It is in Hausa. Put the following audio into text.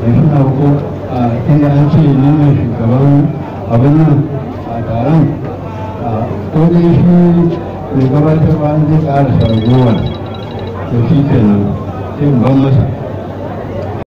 yanzu na ko inda an ce ni ne shugaban abin nan a taron ko dai shi mai gabatar ba an zai ƙara sargowar da shi kenan sai ban masa